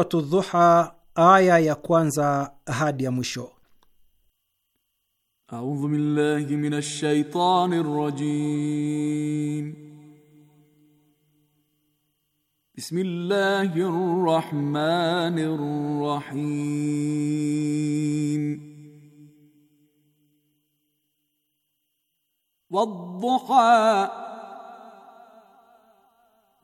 Suratu Dhuha, aya ya kwanza hadi ya mwisho. Audhu billahi minash shaitani rajim. Bismillahir rahmanir rahim. Wadduha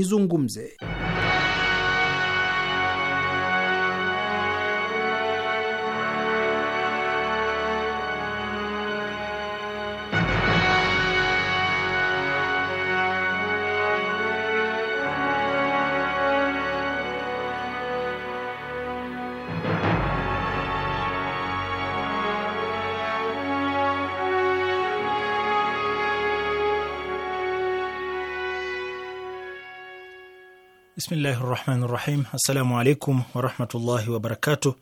izungumze. Bismillahi rahmani rahim. Assalamu alaikum warahmatullahi wabarakatu.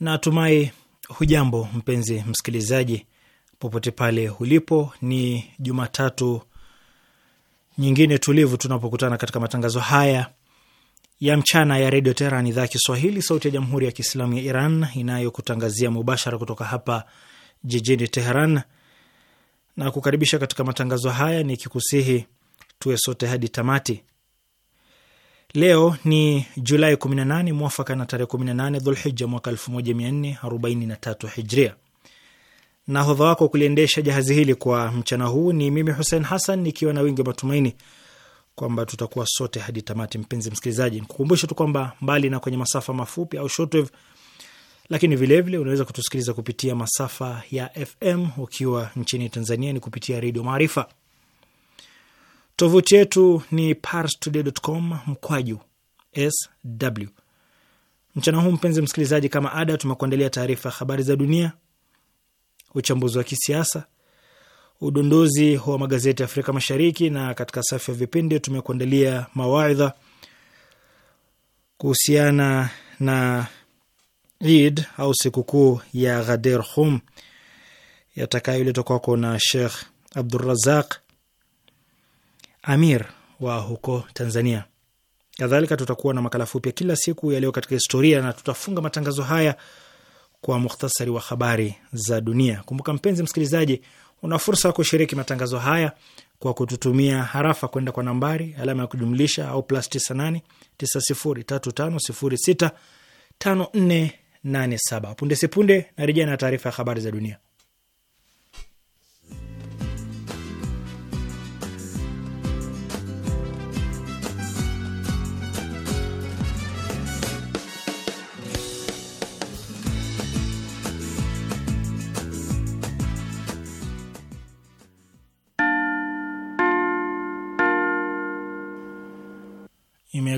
Natumai hujambo mpenzi msikilizaji, popote pale ulipo. Ni Jumatatu nyingine tulivu tunapokutana katika matangazo haya ya mchana ya redio Teheran, idhaa ya Kiswahili, sauti ya jamhuri ya kiislamu ya Iran inayokutangazia mubashara kutoka hapa jijini Teheran na kukaribisha katika matangazo haya, nikikusihi tuwe sote hadi tamati Leo ni Julai 18 mwafaka na tarehe 18 Dhulhija mwaka 1443 Hijria. Nahodha wako wa kuliendesha jahazi hili kwa mchana huu ni mimi Hussein Hassan, nikiwa na wingi wa matumaini kwamba tutakuwa sote hadi tamati. Mpenzi msikilizaji, nikukumbusha tu kwamba mbali na kwenye masafa mafupi au shortwave, lakini vilevile unaweza kutusikiliza kupitia masafa ya FM. Ukiwa nchini Tanzania ni kupitia Redio Maarifa. Tovuti yetu ni parstoday.com mkwaju sw. Mchana huu mpenzi msikilizaji, kama ada, tumekuandalia taarifa ya habari za dunia, uchambuzi wa kisiasa, udondozi wa magazeti ya Afrika Mashariki, na katika safu ya vipindi tumekuandalia mawaidha kuhusiana na Eid au sikukuu ya Ghadir Hum yatakayoletwa kwako na Shekh Abdurazaq Amir wa huko Tanzania. Kadhalika tutakuwa na makala fupi ya kila siku yaliyo katika historia, na tutafunga matangazo haya kwa muhtasari wa habari za dunia. Kumbuka mpenzi msikilizaji, una fursa ya kushiriki matangazo haya kwa kututumia harafa kwenda kwa nambari alama ya kujumlisha au plus 98 9035065487. Punde sipunde narejea na taarifa ya habari za dunia.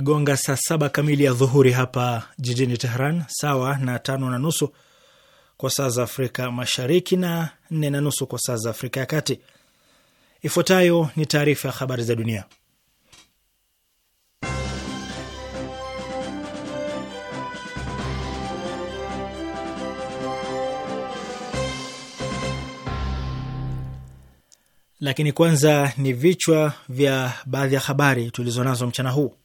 Imegonga saa saba kamili ya dhuhuri hapa jijini Tehran, sawa na tano na nusu kwa saa za Afrika Mashariki na nne na nusu kwa saa za Afrika ya Kati. Ifuatayo ni taarifa ya habari za dunia, lakini kwanza ni vichwa vya baadhi ya habari tulizonazo mchana huu.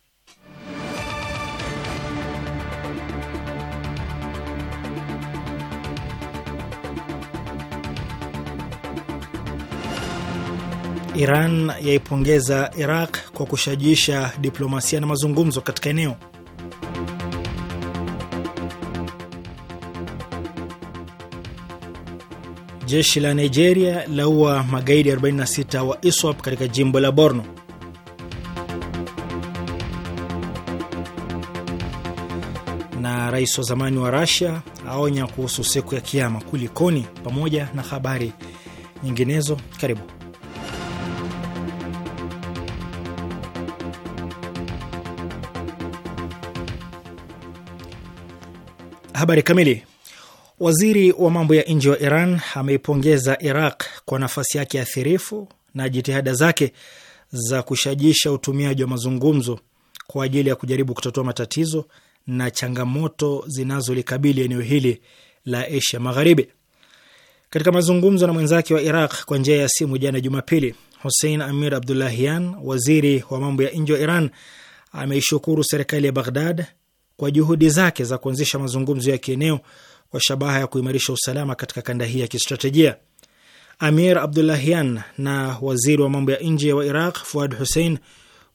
Iran yaipongeza Iraq kwa kushajiisha diplomasia na mazungumzo katika eneo. Jeshi la Nigeria laua magaidi 46 wa ISWAP katika jimbo la Borno. Na rais wa zamani wa Russia aonya kuhusu siku ya Kiama. Kulikoni? Pamoja na habari nyinginezo, karibu. Habari kamili. Waziri wa mambo ya nje wa Iran ameipongeza Iraq kwa nafasi yake athirifu na jitihada zake za kushajisha utumiaji wa mazungumzo kwa ajili ya kujaribu kutatua matatizo na changamoto zinazolikabili eneo hili la Asia Magharibi. Katika mazungumzo na mwenzake wa Iraq kwa njia ya simu jana Jumapili, Hussein Amir Abdullahian, waziri wa mambo ya nje wa Iran, ameishukuru serikali ya Baghdad kwa juhudi zake za kuanzisha mazungumzo ya kieneo kwa shabaha ya kuimarisha usalama katika kanda hii ya kistratejia. Amir Abdullahian na waziri wa mambo ya nje wa Iraq Fuad Hussein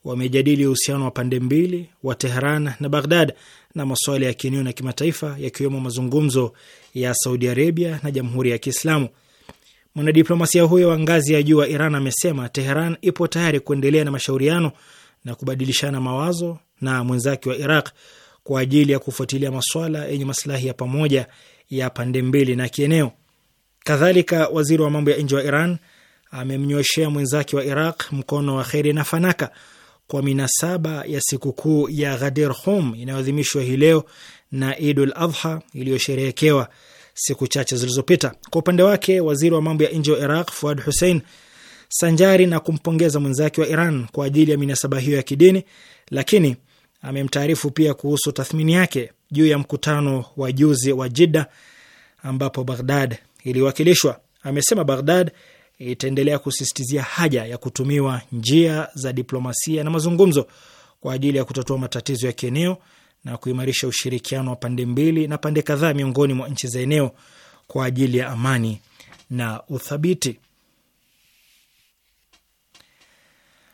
wamejadili uhusiano wa pande mbili wa Tehran na Baghdad na masuala ya kieneo na kimataifa yakiwemo mazungumzo ya Saudi Arabia na Jamhuri ya Kiislamu. Mwanadiplomasia huyo wa ngazi ya juu wa Iran amesema Teheran ipo tayari kuendelea na mashauriano na kubadilishana mawazo na mwenzake wa Iraq kwa ajili ya kufuatilia maswala yenye masilahi ya pamoja ya pande mbili na kieneo. Kadhalika, waziri wa mambo ya nje wa Iran amemnyoshea mwenzake wa Iraq mkono wa kheri na fanaka kwa minasaba ya sikukuu ya Ghadir Hum inayoadhimishwa hii leo na Idul Adha iliyosherehekewa siku chache zilizopita. Kwa upande wake, waziri wa mambo ya nje wa Iraq Fuad Hussein, sanjari na kumpongeza mwenzake wa Iran kwa ajili ya minasaba hiyo ya kidini, lakini amemtaarifu pia kuhusu tathmini yake juu ya mkutano wa juzi wa Jidda ambapo Baghdad iliwakilishwa. Amesema Baghdad itaendelea kusisitizia haja ya kutumiwa njia za diplomasia na mazungumzo kwa ajili ya kutatua matatizo ya kieneo na kuimarisha ushirikiano wa pande mbili na pande kadhaa miongoni mwa nchi za eneo kwa ajili ya amani na uthabiti.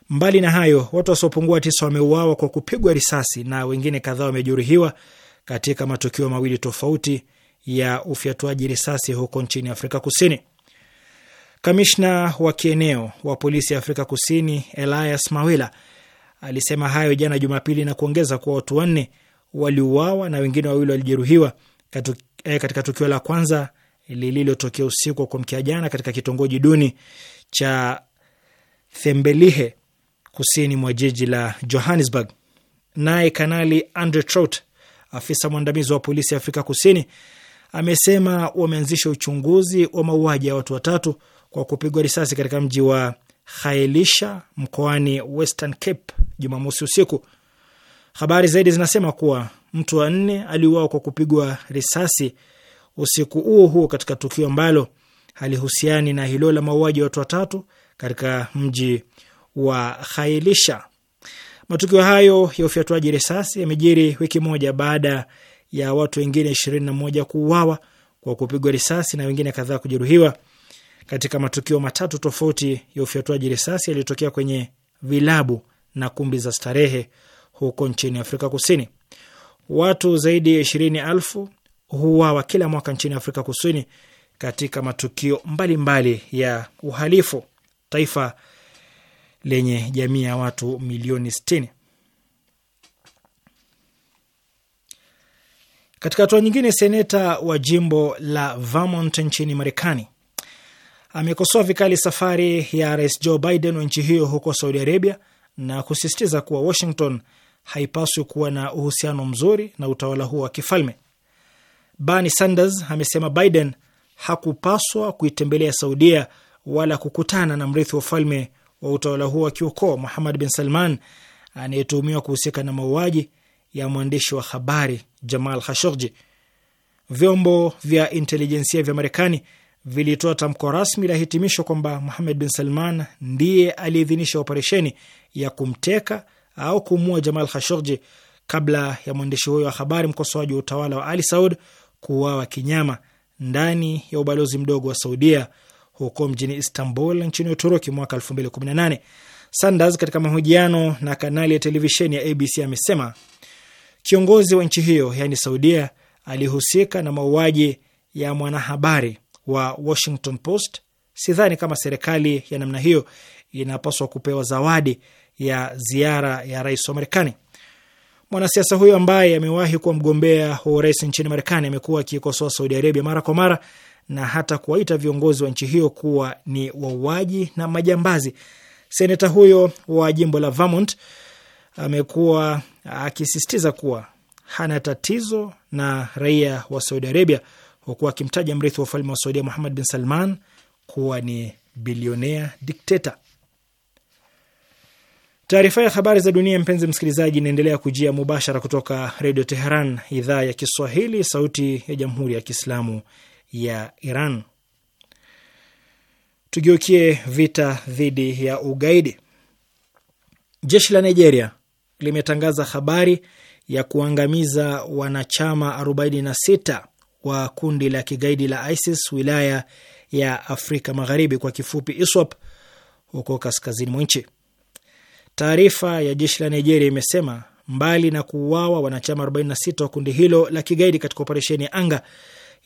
Mbali na hayo, watu wasiopungua tisa wameuawa kwa kupigwa risasi na wengine kadhaa wamejeruhiwa katika matukio mawili tofauti ya ufyatuaji risasi huko nchini Afrika Kusini. Kamishna wa kieneo wa polisi ya Afrika Kusini Elias Mawila alisema hayo jana Jumapili na kuongeza kuwa watu wanne waliuawa na wengine wawili walijeruhiwa eh, katika tukio la kwanza lililotokea usiku wa kuamkia jana katika kitongoji duni cha Thembelihe kusini mwa jiji la Johannesburg. Naye Kanali Andre Trout, afisa mwandamizi wa polisi ya Afrika Kusini, amesema wameanzisha uchunguzi wa mauaji ya watu watatu kwa kupigwa risasi katika mji wa Khailisha mkoani Western Cape Jumamosi usiku. Habari zaidi zinasema kuwa mtu wa nne aliuawa kwa kupigwa risasi usiku huo huo katika tukio ambalo halihusiani na hilo la mauaji ya watu watatu katika mji wa Khailisha. Matukio hayo ya ufyatuaji risasi yamejiri wiki moja baada ya watu wengine ishirini na moja kuuawa kwa kupigwa risasi na wengine kadhaa kujeruhiwa katika matukio matatu tofauti ya ufyatuaji risasi yaliyotokea kwenye vilabu na kumbi za starehe huko nchini Afrika Kusini. Watu zaidi ya ishirini elfu huuawa kila mwaka nchini Afrika Kusini katika matukio mbalimbali mbali ya uhalifu. Taifa lenye jamii ya watu milioni 60 Katika hatua nyingine, seneta wa jimbo la Vermont nchini Marekani amekosoa vikali safari ya rais Joe Biden wa nchi hiyo huko Saudi Arabia na kusisitiza kuwa Washington haipaswi kuwa na uhusiano mzuri na utawala huo wa kifalme. Bernie Sanders amesema Biden hakupaswa kuitembelea Saudia wala kukutana na mrithi wa ufalme wa utawala huo wa kiukoo Muhamad bin Salman anayetuhumiwa kuhusika na mauaji ya mwandishi wa habari Jamal Khashoggi. Vyombo vya intelijensia vya Marekani vilitoa tamko rasmi la hitimisho kwamba Muhamed bin Salman ndiye aliyeidhinisha operesheni ya kumteka au kumua Jamal Khashoggi kabla ya mwandishi huyo wa habari mkosoaji wa utawala wa Ali Saud kuuawa kinyama ndani ya ubalozi mdogo wa Saudia huko mjini Istanbul nchini Uturuki mwaka 2018. Sanders katika mahojiano na kanali ya televisheni ya ABC amesema kiongozi wa nchi hiyo yaani Saudia alihusika na mauaji ya mwanahabari wa Washington Post. Sidhani kama serikali ya namna hiyo inapaswa kupewa zawadi ya ziara ya rais wa Marekani. Mwanasiasa huyo ambaye amewahi kuwa mgombea wa urais nchini Marekani amekuwa akiikosoa Saudi Arabia mara kwa mara na hata kuwaita viongozi wa nchi hiyo kuwa ni wauaji na majambazi. Seneta huyo wa jimbo la Vermont amekuwa akisisitiza kuwa hana tatizo na raia wa Saudi Arabia, huku akimtaja mrithi wa ufalme wa Saudia Muhammad bin Salman kuwa ni bilionea dikteta. Taarifa ya habari za dunia, mpenzi msikilizaji, inaendelea kujia mubashara kutoka Redio Teheran, idhaa ya Kiswahili, sauti ya jamhuri ya kiislamu ya Iran. Tugeukie vita dhidi ya ugaidi. Jeshi la Nigeria limetangaza habari ya kuangamiza wanachama 46 wa kundi la kigaidi la ISIS wilaya ya Afrika Magharibi, kwa kifupi ISWAP, huko kaskazini mwa nchi. Taarifa ya jeshi la Nigeria imesema mbali na kuuawa wanachama 46 wa kundi hilo la kigaidi katika operesheni ya anga,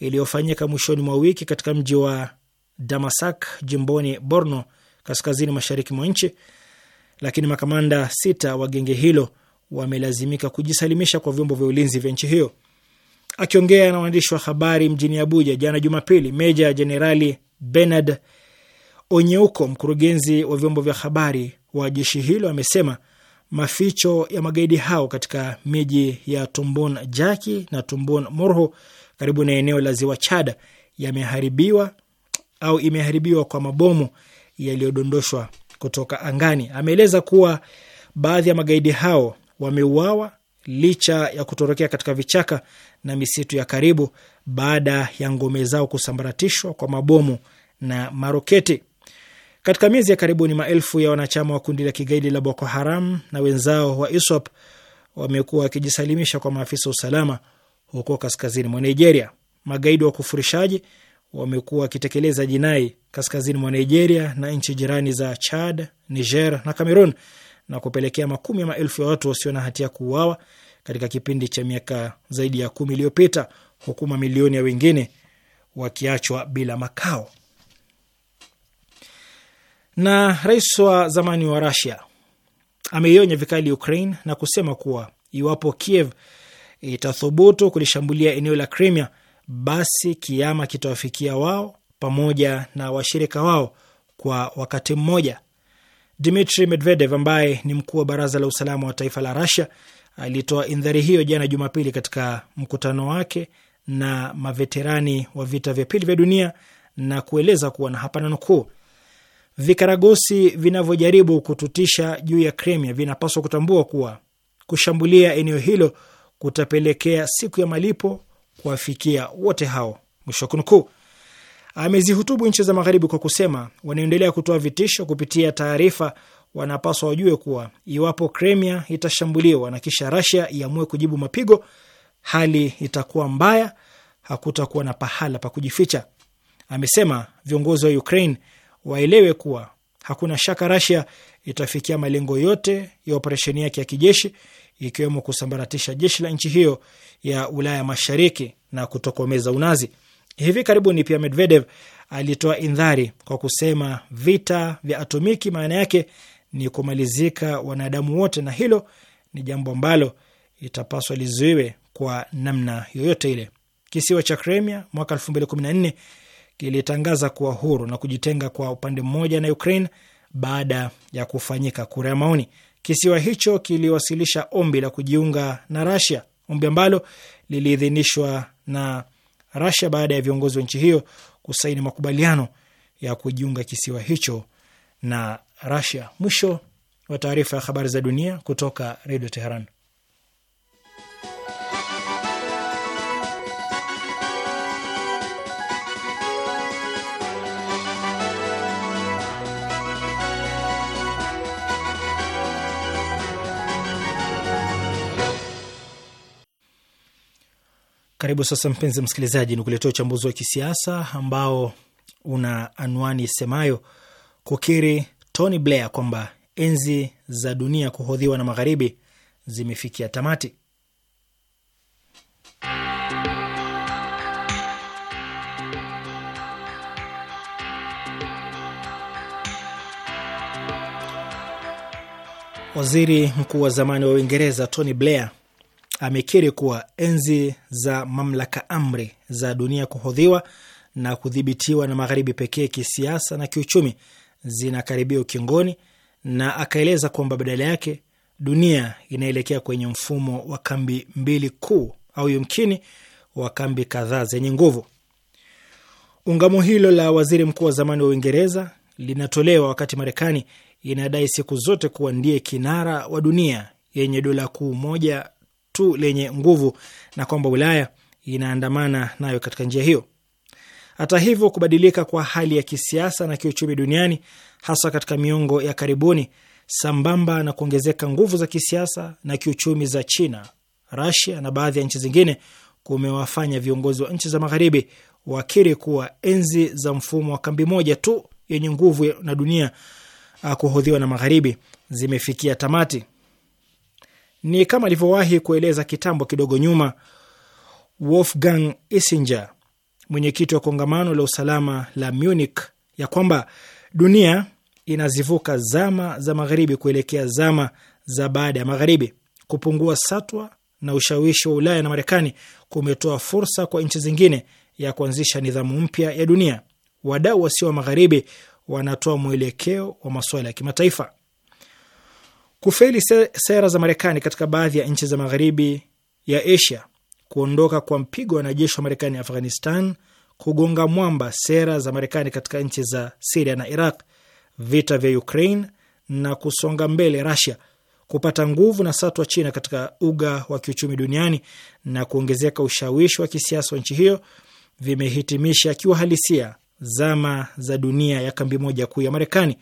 iliyofanyika mwishoni mwa wiki katika mji wa Damasak jimboni Borno, kaskazini mashariki mwa nchi, lakini makamanda sita wa genge hilo wamelazimika kujisalimisha kwa vyombo vya ulinzi vya nchi hiyo. Akiongea na waandishi wa habari mjini Abuja jana Jumapili, meja jenerali Bernard Onyeuko, mkurugenzi wa vyombo vya habari wa jeshi hilo, amesema maficho ya magaidi hao katika miji ya tumbun Jaki na tumbun Morho karibu na eneo la ziwa Chada yameharibiwa au imeharibiwa kwa mabomu yaliyodondoshwa kutoka angani. Ameeleza kuwa baadhi ya magaidi hao wameuawa licha ya kutorokea katika vichaka na misitu ya karibu baada ya ngome zao kusambaratishwa kwa mabomu na maroketi. Katika miezi ya karibuni, maelfu ya wanachama wa kundi la kigaidi la Boko Haram na wenzao wa ISWAP wamekuwa wakijisalimisha kwa maafisa wa usalama huko kaskazini mwa Nigeria. Magaidi wa kufurishaji wamekuwa wakitekeleza jinai kaskazini mwa Nigeria na nchi jirani za Chad, Niger na Cameroon na kupelekea makumi ya maelfu ya watu wasio na hatia kuuawa katika kipindi cha miaka zaidi ya kumi iliyopita huku mamilioni ya wengine wakiachwa bila makao. Na rais wa zamani wa rusia ameionya vikali Ukraine na kusema kuwa iwapo Kiev itathubutu kulishambulia eneo la Crimea, basi kiama kitawafikia wao pamoja na washirika wao kwa wakati mmoja. Dmitri Medvedev ambaye ni mkuu wa baraza la usalama wa taifa la Russia alitoa indhari hiyo jana Jumapili katika mkutano wake na maveterani wa vita vya pili vya dunia na kueleza kuwa na hapana nukuu, vikaragosi vinavyojaribu kututisha juu ya Crimea vinapaswa kutambua kuwa kushambulia eneo hilo kutapelekea siku ya malipo kuwafikia wote hao, mwisho wa kunukuu. Amezihutubu nchi za magharibi kwa kusema wanaendelea kutoa vitisho kupitia taarifa, wanapaswa wajue kuwa iwapo Crimea itashambuliwa na kisha Russia iamue kujibu mapigo, hali itakuwa mbaya, hakutakuwa na pahala pa kujificha. Amesema viongozi wa Ukraine waelewe kuwa hakuna shaka Russia itafikia malengo yote ya operesheni yake ya kijeshi ikiwemo kusambaratisha jeshi la nchi hiyo ya Ulaya Mashariki na kutokomeza unazi. Hivi karibuni pia Medvedev alitoa indhari kwa kusema vita vya atomiki maana yake ni kumalizika wanadamu wote, na hilo ni jambo ambalo itapaswa lizuiwe kwa namna yoyote ile. Kisiwa cha Crimea mwaka 2014 kilitangaza kuwa huru na kujitenga kwa upande mmoja na Ukraine baada ya kufanyika kura ya maoni. Kisiwa hicho kiliwasilisha ombi la kujiunga na Rasia, ombi ambalo liliidhinishwa na Rasia baada ya viongozi wa nchi hiyo kusaini makubaliano ya kujiunga kisiwa hicho na Rasia. Mwisho wa taarifa ya habari za dunia kutoka Redio Teheran. Karibu sasa, mpenzi msikilizaji, ni kuletea uchambuzi wa kisiasa ambao una anwani semayo kukiri Tony Blair kwamba enzi za dunia kuhodhiwa na magharibi zimefikia tamati. Waziri mkuu wa zamani wa Uingereza Tony Blair amekiri kuwa enzi za mamlaka amri za dunia kuhodhiwa na kudhibitiwa na magharibi pekee kisiasa na kiuchumi zinakaribia ukingoni, na akaeleza kwamba badala yake dunia inaelekea kwenye mfumo wa kambi mbili kuu au yumkini wa kambi kadhaa zenye nguvu. Ungamo hilo la waziri mkuu wa zamani wa Uingereza linatolewa wakati Marekani inadai siku zote kuwa ndiye kinara wa dunia yenye dola kuu moja tu lenye nguvu na kwamba Ulaya inaandamana nayo katika njia hiyo. Hata hivyo, kubadilika kwa hali ya kisiasa na kiuchumi duniani, hasa katika miongo ya karibuni, sambamba na kuongezeka nguvu za kisiasa na kiuchumi za China, Rasia na baadhi ya nchi zingine, kumewafanya viongozi wa nchi za magharibi wakiri kuwa enzi za mfumo wa kambi moja tu yenye nguvu na dunia ah, kuhodhiwa na magharibi zimefikia tamati. Ni kama alivyowahi kueleza kitambo kidogo nyuma Wolfgang Isinger, mwenyekiti wa kongamano la usalama la Munich, ya kwamba dunia inazivuka zama za magharibi kuelekea zama za baada ya magharibi. Kupungua satwa na ushawishi wa Ulaya na Marekani kumetoa fursa kwa nchi zingine ya kuanzisha nidhamu mpya ya dunia. Wadau wasio wa magharibi wanatoa mwelekeo wa masuala ya kimataifa. Kufeli sera za Marekani katika baadhi ya nchi za magharibi ya Asia, kuondoka kwa mpigo wa wanajeshi wa Marekani Afghanistan, kugonga mwamba sera za Marekani katika nchi za Siria na Iraq, vita vya Ukraine na kusonga mbele Rasia, kupata nguvu na satwa China katika uga wa kiuchumi duniani na kuongezeka ushawishi wa kisiasa wa nchi hiyo vimehitimisha kiuhalisia zama za dunia ya kambi moja kuu ya Marekani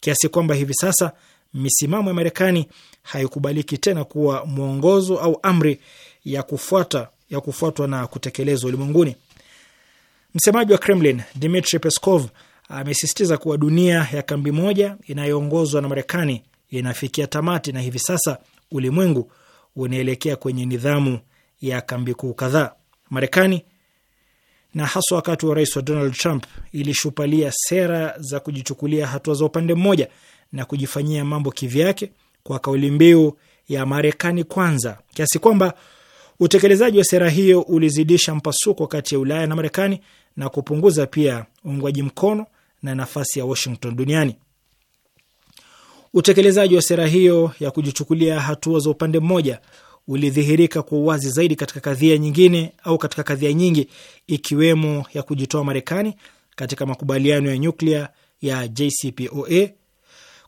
kiasi kwamba hivi sasa misimamo ya Marekani haikubaliki tena kuwa mwongozo au amri ya kufuata ya kufuatwa na kutekelezwa ulimwenguni. Msemaji wa Kremlin Dmitri Peskov amesisitiza kuwa dunia ya kambi moja inayoongozwa na Marekani inafikia tamati na hivi sasa ulimwengu unaelekea kwenye nidhamu ya kambi kuu kadhaa. Marekani na haswa wakati wa rais wa Donald Trump ilishupalia sera za kujichukulia hatua za upande mmoja na kujifanyia mambo kivyake kwa kauli mbiu ya Marekani kwanza, kiasi kwamba utekelezaji wa sera hiyo ulizidisha mpasuko kati ya Ulaya na Marekani na kupunguza pia uungwaji mkono na nafasi ya Washington duniani. Utekelezaji wa sera hiyo ya kujichukulia hatua za upande mmoja ulidhihirika kwa uwazi zaidi katika kadhia nyingine au katika kadhia nyingi ikiwemo ya kujitoa Marekani katika makubaliano ya nyuklia ya JCPOA,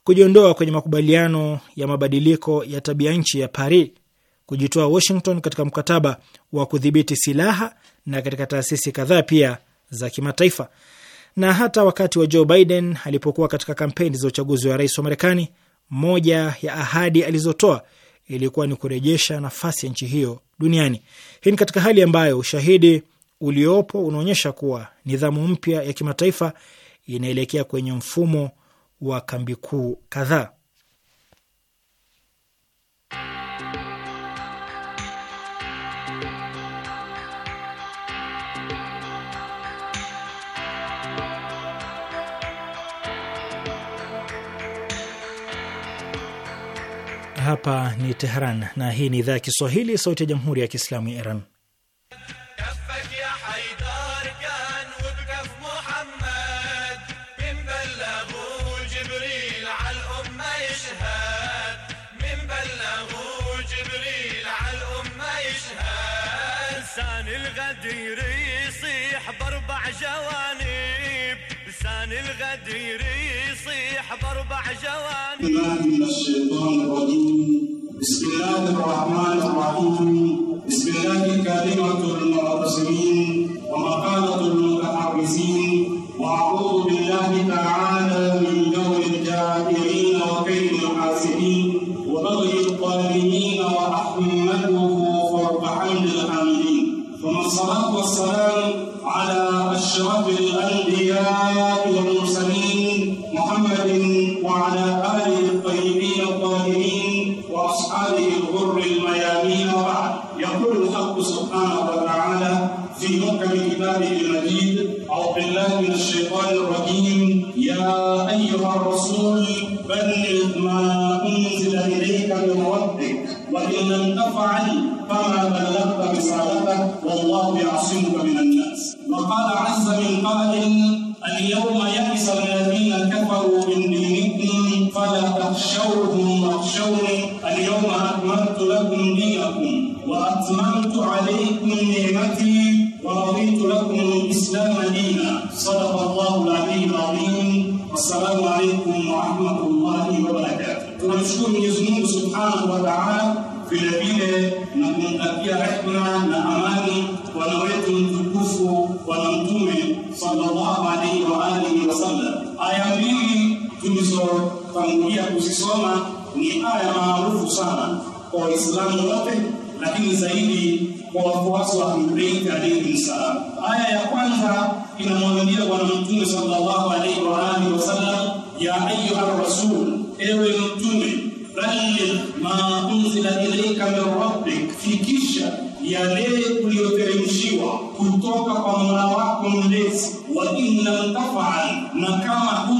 kujiondoa kwenye makubaliano ya mabadiliko ya tabia nchi ya Paris, kujitoa Washington katika mkataba wa kudhibiti silaha na katika taasisi kadhaa pia za kimataifa. Na hata wakati wa Joe Biden alipokuwa katika kampeni za uchaguzi wa rais wa Marekani, moja ya ahadi alizotoa ilikuwa ni kurejesha nafasi ya nchi hiyo duniani. Hii ni katika hali ambayo ushahidi uliopo unaonyesha kuwa nidhamu mpya ya kimataifa inaelekea kwenye mfumo wa kambi kuu kadhaa. Hapa ni Tehran na hii ni idhaa ya Kiswahili, sauti ya jamhuri ya kiislamu ya Iran. بالله من الشيطان الرجيم بسم الله الرحمن الرحيم بسم الله كلمة المرسلين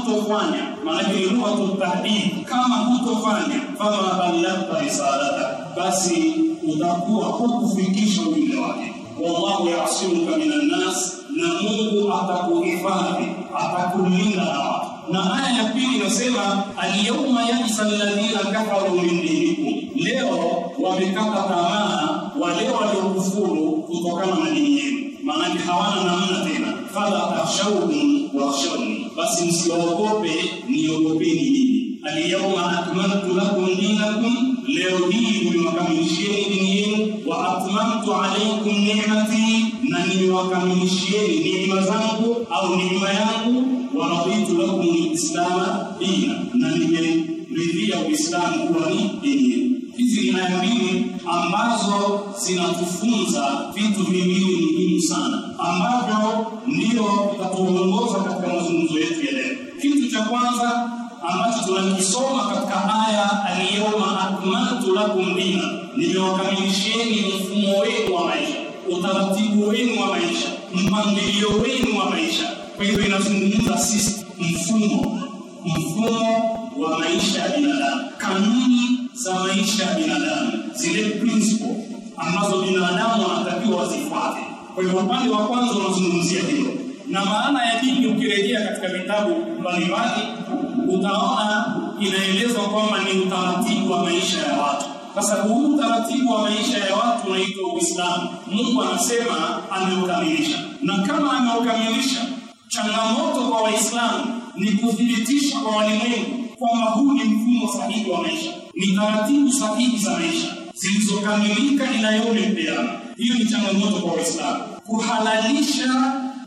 hutofanya maanake ni lughatu tahdid kama hutofanya fama lam yakta risalata basi utakuwa hukufikisha ujumbe wake wallahu yasimuka minan nas na mungu atakuhifadhi atakulinda na watu na aya ya pili inasema alyauma yajsa alladhina kafaru min dinikum leo wamekata tamaa wale waliokufuru kutokana na dini yenu maanake hawana namna tena fala tahshauhum wakhshauni basi msiwaogope niogopeni nini alyawma atmamtu lakum dinakum leo hii niwakamilishieni dini yenu wa atmamtu alaykum ni'mati na niwakamilishieni neema zangu au neema yangu wa raditu lakum lislama dina na nimeridhia uislamu kuwa ni dini Hizi ni aya mbili ambazo zinatufunza vitu viwili muhimu sana, ambavyo ndio vitatuongoza katika mazungumzo yetu ya leo. Kitu cha kwanza ambacho tunakisoma katika aya aliyoma akmaltu lakum dina, nimewakamilishieni mfumo wenu wa maisha, utaratibu wenu wa maisha, mpangilio wenu wa maisha. Kwa hivyo inazungumza sisi mfumo, mfumo wa maisha ya binadamu, kanuni za maisha ya binadamu, zile principle ambazo binadamu wanatakiwa wazifuate. Kwa hiyo upande wa kwanza unazungumzia hilo, na maana ya dini ukirejea katika vitabu mbalimbali utaona inaelezwa kwamba ni utaratibu wa maisha ya watu. Sasa huu utaratibu wa maisha ya watu unaitwa Uislamu. Mungu anasema ameukamilisha, na kama ameukamilisha, changamoto kwa Waislamu ni kuthibitisha kwa walimwengu kwamba huu ni mfumo sahihi wa maisha, ni taratibu sahihi za maisha zilizokamilika inayolepeana. Hiyo ni changamoto kwa Waislamu kuhalalisha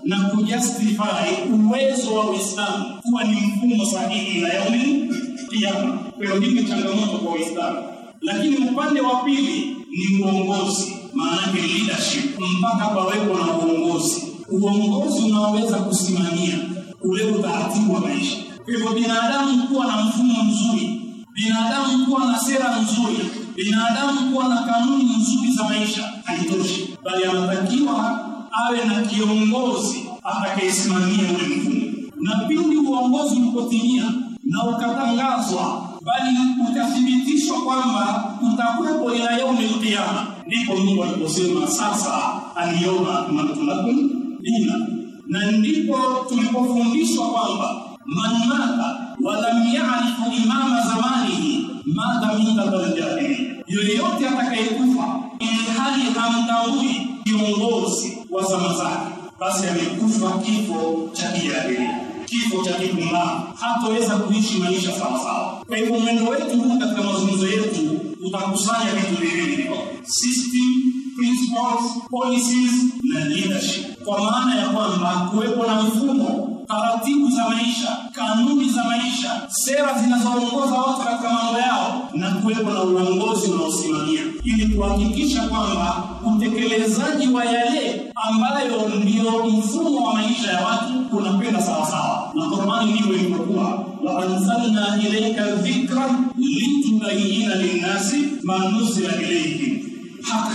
na kujustify uwezo wa Uislamu kuwa ni mfumo sahihi na yaumil kiyama. Kwa hiyo ni changamoto kwa Waislamu, lakini upande wa pili ni uongozi, maanake leadership, mpaka pawepo na uongozi, uongozi unaoweza kusimamia ule utaratibu wa maisha kwa hivyo binadamu kuwa na mfumo mzuri, binadamu kuwa na sera nzuri, binadamu kuwa na kanuni nzuri za maisha haitoshi, bali anatakiwa awe na kiongozi atakayesimamia ule mfumo, na pindi uongozi ulipotimia na ukatangazwa bali ukathibitishwa kwamba utakuwepo ila yaumil qiyama, ndipo Mungu aliposema sasa, aliyoma matulakum lakum dina, na ndipo tulipofundishwa kwamba man mata wa lam ya'rifu imama zamanihi mata min qatlil jahili, yoyote atakayekufa ili hali hamtambui kiongozi wa zama zake, basi amekufa kifo cha kijahilia kifo cha kipumbavu, hatoweza kuishi maisha sawasawa. Kwa hivyo mwendo wetu huu katika mazungumzo yetu utakusanya vitu viwili: system, principles, policies na leadership, kwa maana ya kwamba kuwepo na mfumo taratibu za maisha, kanuni za maisha, sera zinazoongoza watu katika mambo yao, na kuwepo na uongozi unaosimamia ili kuhakikisha kwamba utekelezaji wa yale ambayo ndiyo mfumo wa maisha ya watu unakwenda sawasawa, na Qur'ani ndivyo ilivyokuwa waanzalna anzalna ilayka dhikra litubayina linnasi ma nuzila ilayhim.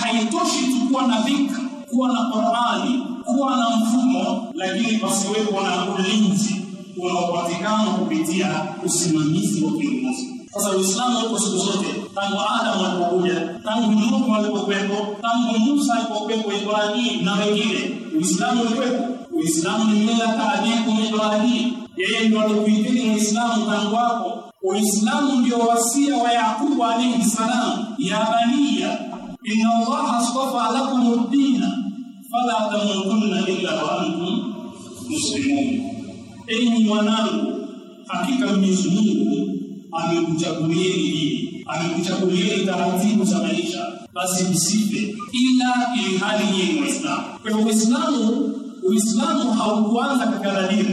Haitoshi tu kuwa na dhikra, kuwa na Qur'ani kuwa na mfumo, lakini pasiwepo na ulinzi unaopatikana kupitia usimamizi wa kiongozi. Sasa Uislamu uko siku zote, tangu Adamu alipokuja, tangu Nuhu alipokuwepo, tangu Musa alipokuwepo, Ibrahim na wengine, Uislamu ulikuwepo. Uislamu ni mila millata abikum Ibrahim, yeye ndio alikuitini Uislamu tangu hapo. Uislamu ndio wasia wa Yakubu alaihi salam, ya baniya inna allaha astafa lakum dina fala tamutunna illa wa antum muslimun, enyi mwanangu, hakika Mwenyezi Mungu amekuchagulieni hii, amekuchagulieni taratibu za maisha, basi msife ila ili hali nyinyi Waislamu. Kwa hivyo Uislamu, Uislamu haukuanza katika dhamira.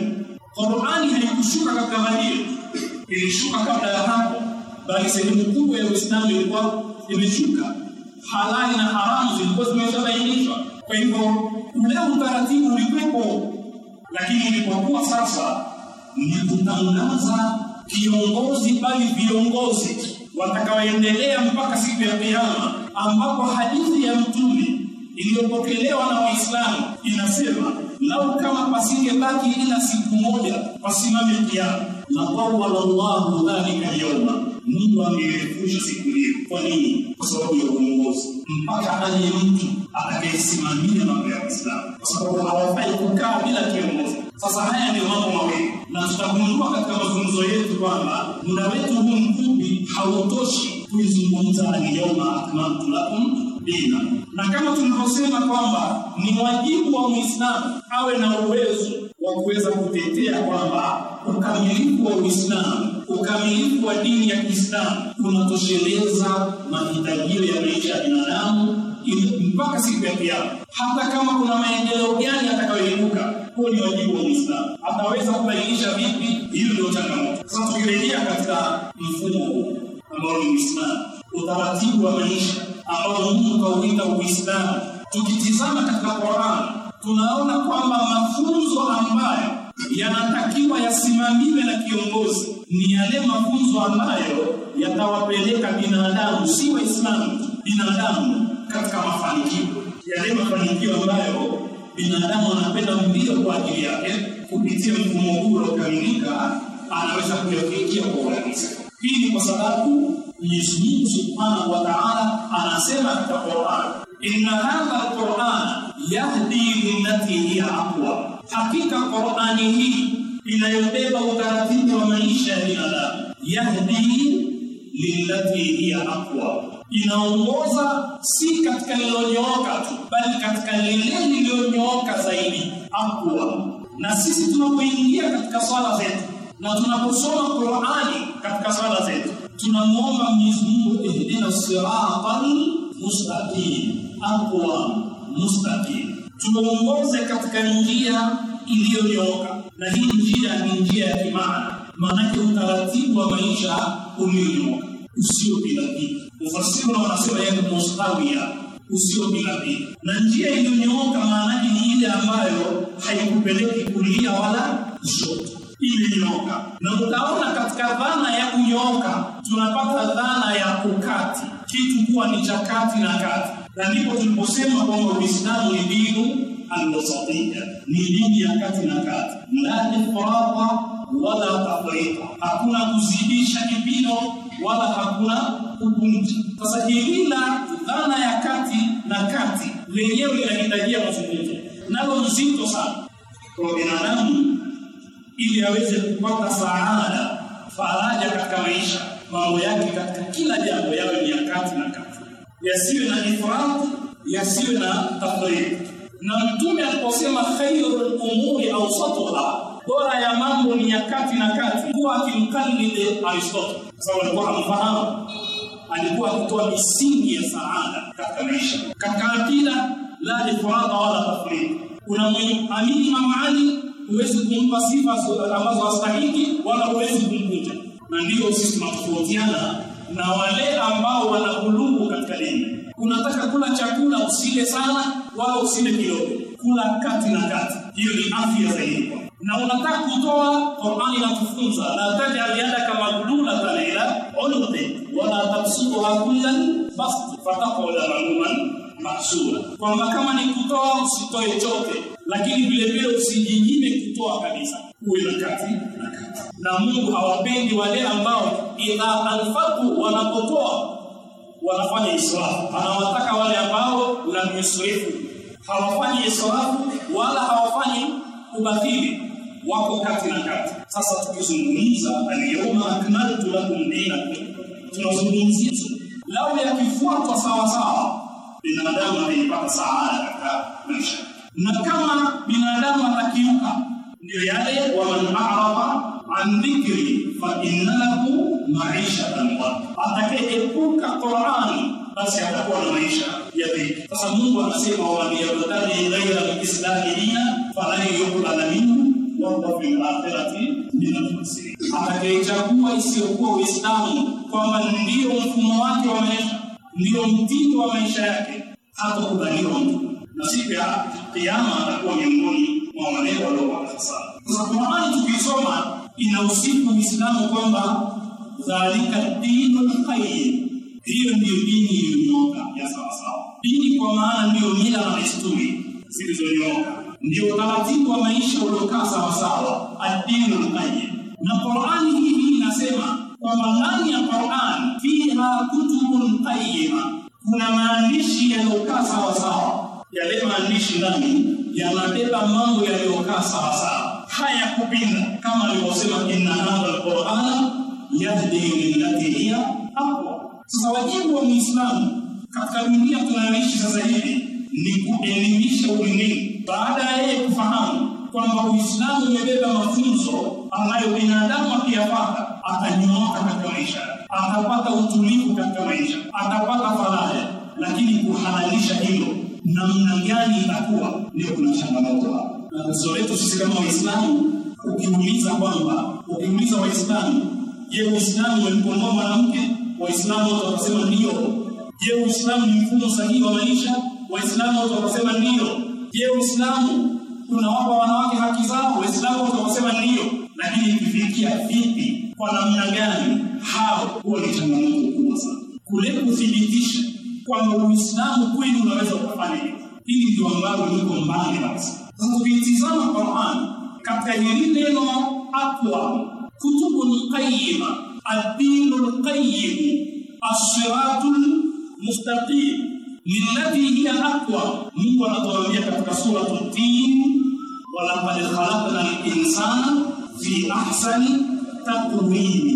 Qur'ani haikushuka katika dhamira, ilishuka kabla ya hapo, bali sehemu kubwa ya Uislamu ilikuwa imeshuka. Halali na haramu zilikuwa zimeshabainishwa kwa hivyo ule utaratibu ulikuwepo, lakini ilipokuwa sasa ni kutangaza kiongozi, bali viongozi watakaoendelea mpaka siku ya Kiyama, ambapo hadithi ya Mtume iliyopokelewa na Waislamu inasema lau kama baki ila siku moja pasimame Kiyama, nawawala Allahu dhalika yawma mtu ameefusha siku hiyo. Kwa nini? Kwa sababu ya uongozi, mpaka aje mtu atakayesimamia mambo ya Uislamu, kwa sababu hawafai kukaa bila kiongozi. Sasa haya ndio mambo mawili, na tutagundua katika mazungumzo yetu kwamba muda wetu huu mfupi hautoshi kuizungumza aliyauma akmaltu lakum dina, na kama tunavyosema kwamba ni wajibu wa Muislamu awe na uwezo wa kuweza kutetea kwamba ukamilifu wa Uislamu ukamilifu wa dini ya Kiislamu unatosheleza mahitajio ya maisha ya binadamu mpaka siku ya Kiyama. Hata kama kuna maendeleo gani atakayoibuka, huo ni wajibu wa Muislamu. Ataweza kubainisha vipi? hili ndio changamoto. Sasa tukirejea katika mfumo huu ambao ni Uislamu, utaratibu wa maisha ambao mtu kauita Uislamu, tukitizama katika Qur'an tunaona kwamba mafunzo ambayo yanatakiwa yasimamiwe na kiongozi ni yale mafunzo ambayo yatawapeleka binadamu si waislamu binadamu katika mafanikio yale mafanikio ambayo binadamu anapenda mbio kwa ajili yake kupitia mfumo huu uliokamilika anaweza kuyafikia kwa urahisi hii ni kwa sababu mwenyezi mungu subhanahu wa taala anasema katika quran inna hadha lquran yahdi lilati hiya aqwa hakika qurani hii inayobeba utaratibu wa maisha ya binadamu, yahdi lillati hiya aqwa, inaongoza si katika lililonyooka tu, bali katika lile lililonyooka zaidi, aqwa. Na sisi tunapoingia katika swala zetu na tunaposoma Qur'ani katika swala zetu, tunamwomba Mwenyezi Mungu, ihdina siratal mustaqim, aqwa mustaqim, tuongoze katika njia iliyonyooka, na hii njia ni njia ya imani, maanake utaratibu wa maisha uliyonyoka usio bila ufasiri na wanasema yeye mustawia, usio bila bidii, na njia iliyonyooka maanake ni ile ambayo haikupeleki kulia wala kushoto imenyooka na utaona katika dhana ya kunyoka tunapata dhana ya kukati kitu kuwa ni cha kati na kati, na ndipo tuliposema kwamba Uislamu ni dini hando ni dini ya kati na kati, la ifrata wala tafrita, hakuna kuzidisha kipimo wala hakuna kupunja. Sasa irila dhana ya kati na kati lenyewe linahitajia mazungumzo, nalo nzito sana kwa binadamu ili aweze kupata saada faraja katika maisha, mambo yake katika kila jambo yawe ni ya kati na kati, yasiwe na ifrati, yasiwe na tafrita na mtume aliposema khairul umuri awsatuha bora ya mambo ni ya kati na kati kuwa akimkalidi aristotle sababu alikuwa amfahamu alikuwa akitoa misingi ya saada katika maisha katika akila la ifrada wala tafrid kuna mwenye amini Imam Ali huwezi kumpa sifa ambazo hastahiki wala huwezi kumkuta na ndio sisi tunatofautiana na wale ambao wanakulungu katika dini unataka kula chakula usile sana wala usile kidogo kula kati na kati hiyo ni afya zaidi na unataka kutoa Qur'ani inatufunza la tajal yadaka maglulatan ila ulqi wala tabsutuha kullan bast fataqula maluman mahsura kwamba kama ni kutoa usitoe chote lakini vile vile usijinyime kutoa kabisa uwe na kati na kati na Mungu hawapendi wale ambao idha anfaku wanapotoa wanafanya israfu anawataka wale ambao la misrifu hawafanyi israfu wala hawafanyi ubathili wako kati na kati sasa tukizungumza alyawma akmaltu lakum dinakum tunazungumzia lau yakifuatwa sawasawa binadamu ameipata saada katika maisha na kama binadamu atakiuka ndio yale waman arada an dhikri fa inna lahu maisha tanwa. Atakayeepuka Qur'ani basi atakuwa na maisha ya dhiki. Sasa Mungu anasema wa yabtaghi ghaira al-islami dina falan yuqbala minhu wa huwa fil akhirati minal khasirin. Atakayechagua isiyokuwa Uislamu kwamba ndio mfumo wake wa maisha, ndio mtindo wa maisha yake, hatakubaliwa mtu na siku ya kiyama atakuwa miongoni mwa wale waliokosa. Sasa Qur'ani tukisoma inahusiku Uislamu kwamba dhalika dinu qayyim, hiyo ndiyo dini iliyonyoka ya sawasawa. Dini kwa maana ndiyo mila na desturi zilizonyoka, ndio utaratibu wa maisha uliokaa sawasawa, ad-dinul qayyim. Na Qur'ani hii inasema kwamba ndani ya Qur'an fiha kutubun qayyima, kuna maandishi yaliyokaa sawasawa. Yale maandishi ndani yanabeba mambo yaliyokaa sawasawa, hayakupinda, kama alivyosema inna hadha alqur'ana yahdi lillati hiya aqwa. Sasa wajibu wa Muislamu katika dunia tunayoishi sasa hivi ni kuelimisha ulimwengu, baada ya yeye kufahamu kwamba Uislamu umebeba mafunzo ambayo binadamu akiyapata atanyooka katika maisha, atapata utulivu katika maisha, atapata faraja. Lakini kuhalalisha hilo namna gani itakuwa, ndio kuna changamoto hapa. Na letu sisi kama Waislamu, ukiuliza kwamba ukiuliza Waislamu Je, Uislamu walikomboa mwanamke? Waislamu wote wakasema ndio. Je, Uislamu ni mfumo sahihi wa maisha? Waislamu wote wakasema ndio. Je, Uislamu tunawapa wanawake haki zao? Waislamu wote wakasema ndio. Lakini kufikia vipi, kwa namna gani? Hao huwa ni changamoto kubwa sana, kule kuthibitisha kwamba Uislamu kweli unaweza kufanya hivyo. Hili ndio ambalo liko mbali basi. Sasa tukitizama Qur'an katika hili neno aqwa كتب قيمة الدين القيم الصراط المستقيم للتي هي أقوى Mungu anatuambia katika sura Tin walaqad khalaqna al-insana fi ahsani taqwim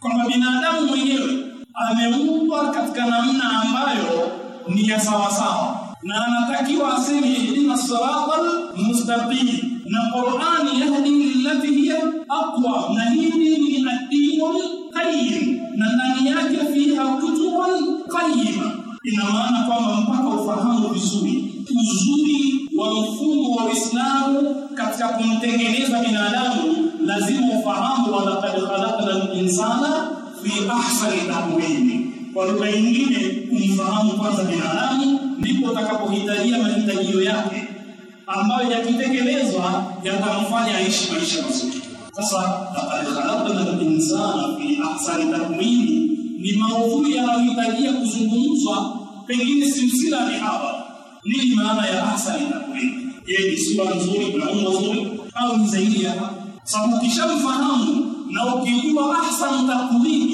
kwamba binadamu mwenyewe ameumbwa katika namna ambayo ni ya sawasawa na anatakiwa aseme ihdina siratal mustaqim na Qur'ani yahdi lillati hiya aqwa, na hii dini ni ad-dinul qayyim, na ndani yake fiha kutubun qayyima. Ina maana kwamba mpaka ufahamu vizuri uzuri wa mfumo wa Uislamu katika kumtengeneza binadamu, lazima ufahamu wa laqad khalaqna al-insana fi ahsani taqwim. Kwa lugha nyingine, kumfahamu kwanza binadamu, ndipo utakapohitajia mahitajio yake ambayo yakitekelezwa yatamfanya aishi maisha mazuri. Sasa laqad khalaqna linsana fi ahsani taqwim, ni maudhui yanayohitajia kuzungumzwa, pengine silsila ni hapa. Nini maana ya ahsani taqwim? Je, ni sura nzuri na umbo nzuri au ni zaidi ya hapo? Sababu ukishamfahamu na ukijua ahsani taqwim,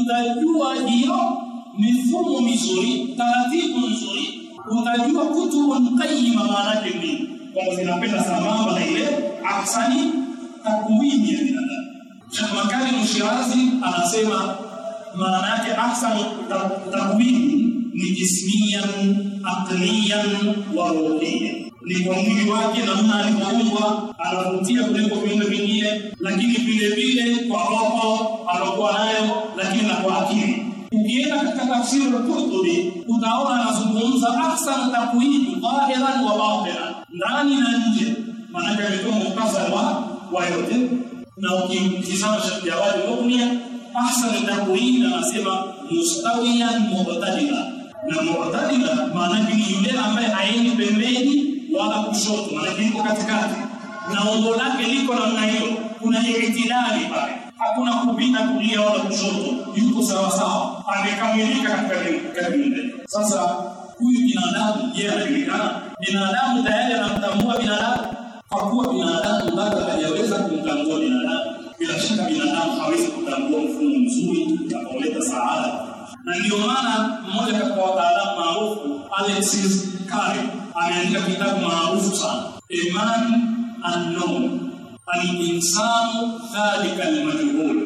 utajua hiyo mifumo mizuri, taratibu nzuri unajua kutubun qayyima maana yake ni kwamba zinapenda sambamba na ile ahsani takwimi ya binadamu Sheikh Makari Mshirazi anasema maana yake ahsani takwimi ni jismiyan aqliyan wa ruhiyan ni kwa mwili wake namna alivyoumbwa anavutia kuliko viumbe vingine, lakini vile vile kwa roho alokuwa nayo, lakini na kwa akili. Ukienda katika tafsiri ya Qurtubi utaona anazungumza hasa na takwimu dhahiran wa batinan ndani na nje maana ametoa muhtasar wa wa yote na ukimtizama Sheikh Jawad Mughniya ahsan takwimu anasema mustawiyan mu'tadila na mu'tadila maana ni yule ambaye haendi pembeni wala kushoto maana yuko katikati na umbo lake liko namna hiyo kuna ihtilali pale hakuna kupinda kulia wala kushoto yuko sawa sawa amekamilika katika katika sasa huyu binadamu je, anajulikana? Binadamu tayari anamtambua binadamu kwa kuwa binadamu bado hajaweza kumtambua binadamu. Bila shaka binadamu hawezi kutambua mfumo mzuri utakaoleta saada, na ndio maana mmoja kati ya wataalamu maarufu Alexis Carrel ameandika kitabu maarufu sana A Man Unknown, al Dhalika Al-Majhul,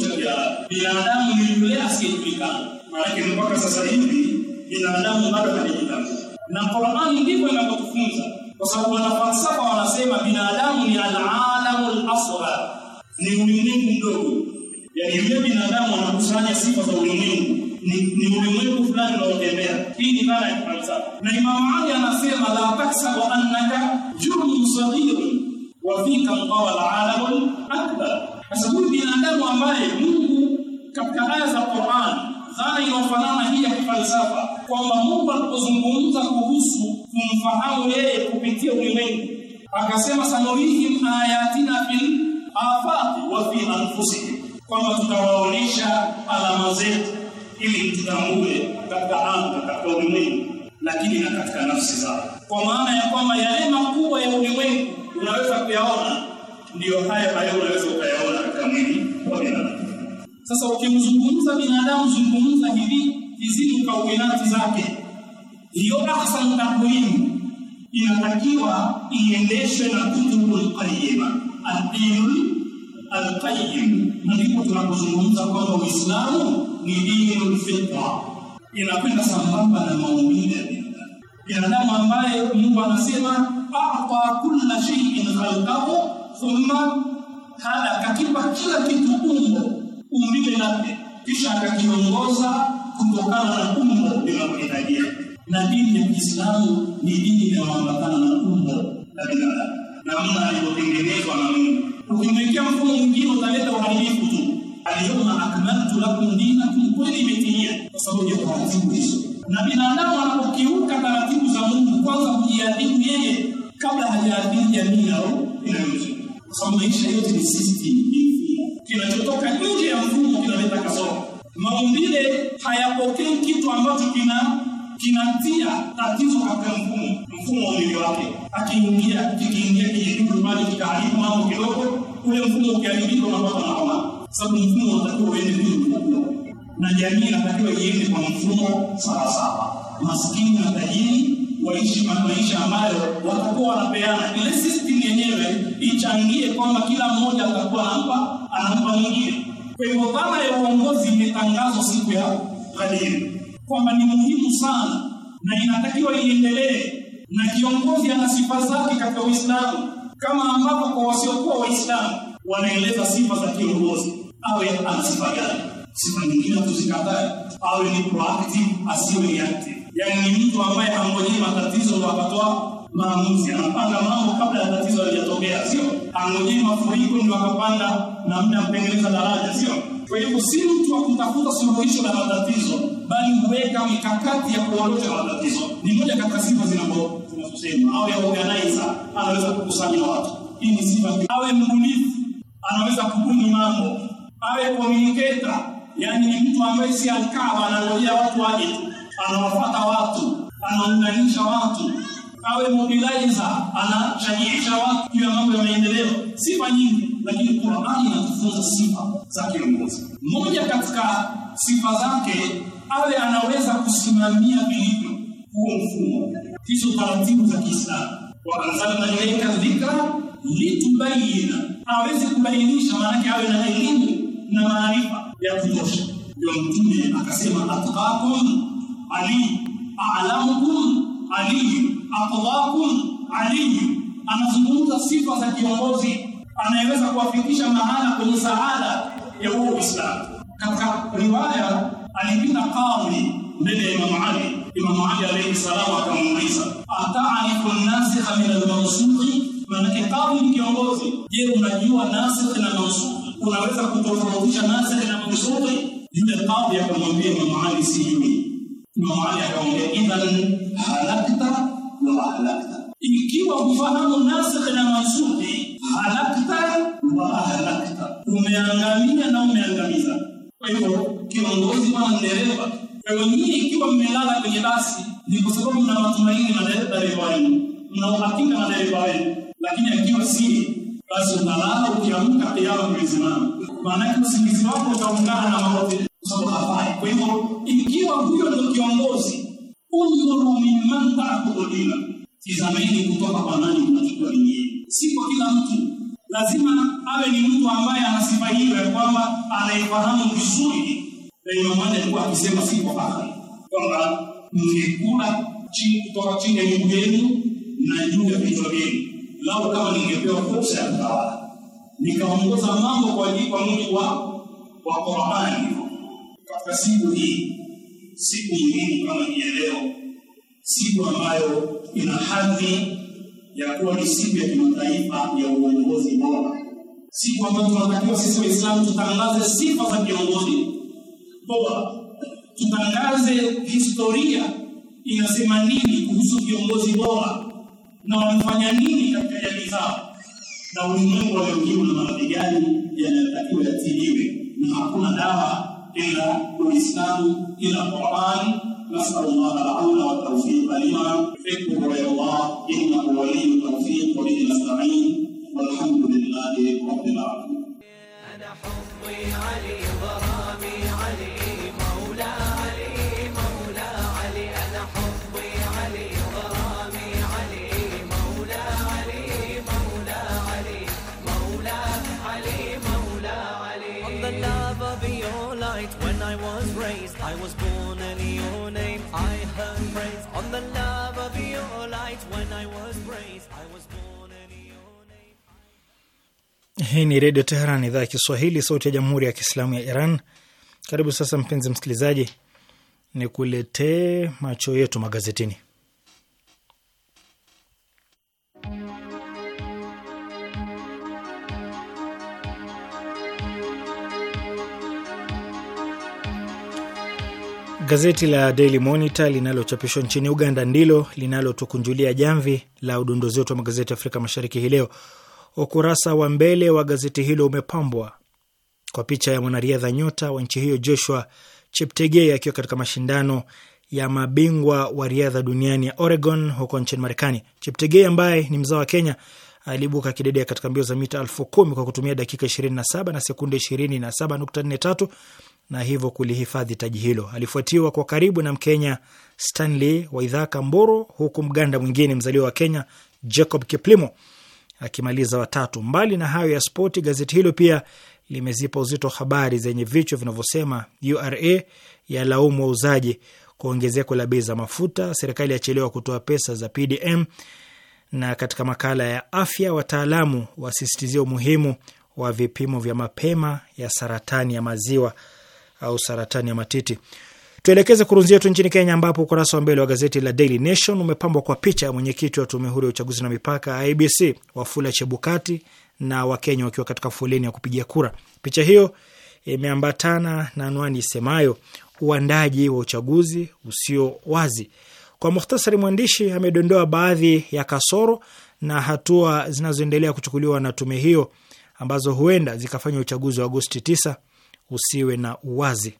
cha Kiarabu. Binadamu ni yule asiyejulikana, maanake mpaka sasa hivi binadamu bado hajajitambua, na Qur'ani ndivyo inavyotufunza, kwa sababu wanafalsafa wanasema binadamu ni al-alamul asghar, ni ulimwengu mdogo. Yaani yule binadamu anakusanya sifa za ulimwengu ni ulimwengu fulani unaotembea. Hii ni maana ya falsafa. Na Imam Ali anasema la tahsabu annaka jurmun saghirun wa fika mtawala alamun akbar. Sasa huyu binadamu ambaye Mungu katika aya za Qur'an dhana inayofanana hii ya kifalsafa kwamba Mungu alipozungumza kuhusu kumfahamu yeye kupitia ulimwengu, akasema sanurihim ayatina fil afaqi wa fi anfusihim, kwamba tutawaonesha alama zetu ili mtutambue katika anga, katika ulimwengu, lakini na katika nafsi zao, kwa maana ya kwamba yale makubwa ya ulimwengu unaweza kuyaona, ndiyo haya hayo unaweza ukayaona katika mwili wa binadamu. Sasa ukimzungumza binadamu, zungumza hivi hizi kauinati zake hiyo ahsan takwimu inatakiwa iendeshwe na kutubul qayyima adinul alqayyim ndipo tunapozungumza kwamba uislamu ni ya fitra inakwenda sambamba na maumbile ya binadamu binadamu ambaye mungu anasema ata kulla shay'in khalqahu thumma hada kakipa kila kitu umbo umbile lake kisha akakiongoza kutokana na umbo linalohitajia, na dini ya Kiislamu ni dini inayoambatana na umbo la binadamu, namna alivyotengenezwa na Mungu. Ukimwekea mfumo mwingine utaleta uharibifu tu. Aliona akmaltu lakum dinakum, kweli imetimia kwa sababu ya taratibu hizo. Na binadamu anapokiuka taratibu za Mungu, kwanza kujiadhibu yeye kabla hajaadhibu jamii yao inayomzunguka, kwa sababu maisha yote ni system, ni mfumo. Kinachotoka nje ya mfumo kinaleta kasoro Maumbile hayapokei kitu ambacho kina kinatia tatizo katika mfumo mfumo wa mwili wake. Akiingia kikiingia kijidudu pale kitaharibu mambo kidogo, ule mfumo ukiharibika, unapata mahoma, sababu mfumo unatakiwa uende vile na jamii inatakiwa iende kwa mfumo sawasawa. Maskini na tajiri waishi maisha ambayo watakuwa wanapeana, ile system yenyewe ichangie kwamba kila mmoja atakuwa anampa anampa mwingine kwa hivyo dhana ya uongozi imetangazwa siku ya Ghadir kwamba ni muhimu sana na inatakiwa iendelee, na kiongozi ana sifa zake katika Uislamu kama ambapo kwa wasiokuwa Waislamu wanaeleza sifa za kiongozi, awe ana sifa gani? Sifa nyingine hatuzikatae, awe ni proactive, asiwe reactive yaani ni mtu ambaye angojei matatizo ndo akatoa maamuzi, anapanga mambo kabla ya tatizo halijatokea, sio angojei mafuriko ndo akapanda namna ya kutengeneza daraja, sio kwa hivyo si mtu wa kutafuta suluhisho la matatizo, bali huweka mikakati ya kuondosha matatizo. Ni moja katika sifa zinazosema awe organizer, anaweza kukusanya watu. Hii ni sifa. Awe mbunifu, anaweza kubuni mambo. Awe communicator, yani ni mtu ambaye si alkawa, anangojea watu waje tu anawafata watu, anaunganisha watu, awe mobilizer, anashajiisha watu juu ya mambo ya maendeleo. Sifa nyingi, lakini Qur'ani inatufunza sifa za kiongozi. Moja katika sifa zake awe anaweza kusimamia vilivyo huo mfumo, hizo taratibu za Kiislamu. wa anzalna ilayka dhikra litubayina, aweze kubainisha, maanake awe na elimu na maarifa ya kutosha. Ndio Mtume akasema atqakum ali a'lamukum Ali aqwaakum Ali, anazungumza sifa za kiongozi anayeweza kuwafikisha mahala kwenye saada ya huo Uislamu. Katika riwaya alipita kauli mbele ya Imam Ali, Imam Ali alayhi salamu akamuuliza ata'rifu nasikha min al-mansukhi, maanake kauli ni kiongozi. Je, unajua nasikh na mansukhi? Unaweza kutofautisha nasikh na mansukhi? Yule kauli akamwambia Imam Ali, sijui halakta wa ahlakta ikiwa kufahamu nasikh na mansuhi halakta wa ahlakta umeangamia na umeangamiza kwa hivyo kiongozi wana dereva kwa nyinyi ikiwa mmelala kwenye basi ni kwa sababu mna matumaini na dereva wenu mna uhakika na dereva wenu lakini akiwa si basi unalala ukiamka kiama kimesimama maanake usingizi wako utaungana na mauti sababu hafai kwa hivyo ikiwa huyo ndio kiongozi undhuru mimman taabudu dina tizameni kutoka kwa nani unachukua dini yenu si kwa kila mtu lazima awe ni mtu ambaye anasifa hiyo ya kwamba anaifahamu vizuri na imamani alikuwa akisema si kwa bahari kwamba mngekula chini kutoka chini ya miguu yenu na juu ya vichwa vyenu lau kama ningepewa fursa ya utawala nikaongoza mambo kwa mujibu wa wa Qur'ani katika siku hii, siku muhimu kama ni leo, siku ambayo ina hadhi ya kuwa ni siku ya kimataifa ya uongozi bora, siku ambayo tunatakiwa sisi Waislamu tutangaze sifa za kiongozi bora, tutangaze historia inasema nini kuhusu viongozi bora na wamefanya nini katika jamii zao na ulimwengu waliojibu na maradhi gani yanayotakiwa yatiliwe, na hakuna dawa إلا والإسلام إلى القرآن نسأل الله العون والتوفيق لما يحبه الله إنه ولي التوفيق وبه نستعين والحمد لله رب العالمين. أنا حبي علي ضرامي علي Hii ni Redio Teheran, idhaa ya Kiswahili, sauti ya Jamhuri ya Kiislamu ya Iran. Karibu sasa, mpenzi msikilizaji, ni kuletee macho yetu magazetini. Gazeti la Daily Monitor linalochapishwa nchini Uganda ndilo linalotukunjulia jamvi la udondozi wetu wa magazeti ya Afrika Mashariki hii leo. Ukurasa wa mbele wa gazeti hilo umepambwa kwa picha ya mwanariadha nyota wa nchi hiyo Joshua Cheptegei akiwa katika mashindano ya mabingwa wa riadha duniani ya Oregon huko nchini Marekani. Cheptegei ambaye ni mzao wa Kenya aliibuka kidedea katika mbio za mita elfu kumi kwa kutumia dakika 27 na sekunde 27.43 na hivyo kulihifadhi taji hilo. Alifuatiwa kwa karibu na Mkenya Stanley Waidhaka Mburu, huku Mganda mwingine mzaliwa wa Kenya Jacob Kiplimo akimaliza watatu. Mbali na hayo ya spoti, gazeti hilo pia limezipa uzito habari zenye vichwa vinavyosema URA ya laumu wauzaji kwa ongezeko la bei za mafuta, serikali yachelewa kutoa pesa za PDM, na katika makala ya afya wataalamu wasisitizia umuhimu wa vipimo vya mapema ya saratani ya maziwa au saratani ya matiti. Tuelekeze kurunzi yetu nchini Kenya, ambapo ukurasa wa mbele wa gazeti la Daily Nation umepambwa kwa picha ya mwenyekiti wa tume huru ya uchaguzi na mipaka IBC Wafula Chebukati na Wakenya wakiwa katika foleni ya kupigia kura. Picha hiyo imeambatana na anwani isemayo uandaji wa uchaguzi usio wazi. Kwa muhtasari, mwandishi amedondoa baadhi ya kasoro na hatua zinazoendelea kuchukuliwa na tume hiyo ambazo huenda zikafanya uchaguzi wa Agosti 9 usiwe na uwazi.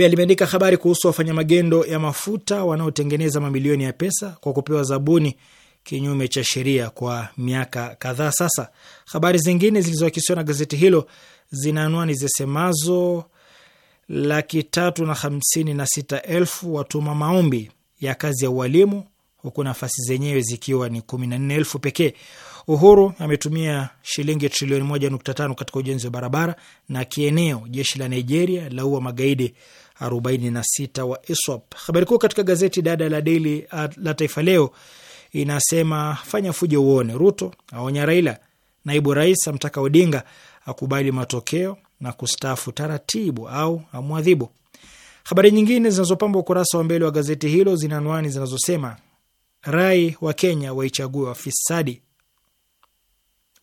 Pia limeandika habari kuhusu wafanya magendo ya mafuta wanaotengeneza mamilioni ya pesa kwa kupewa zabuni kinyume cha sheria kwa miaka kadhaa sasa. Habari zingine zilizoakisiwa na gazeti hilo zina anwani zisemazo laki tatu na hamsini na sita elfu watuma maombi ya kazi ya ualimu huku nafasi zenyewe zikiwa ni kumi na nne elfu pekee. Uhuru ametumia shilingi trilioni moja nukta tano katika ujenzi wa barabara. Na kieneo, jeshi la Nigeria laua magaidi 46 wa ISWAP. Habari kuu katika gazeti dada la Daily ah, la Taifa Leo inasema fanya fujo uone, Ruto aonya Raila, naibu rais amtaka Odinga akubali matokeo na kustafu taratibu au amwadhibu. Habari nyingine zinazopamba ukurasa wa mbele wa gazeti hilo zina anwani zinazosema rai wa Kenya waichague wafisadi,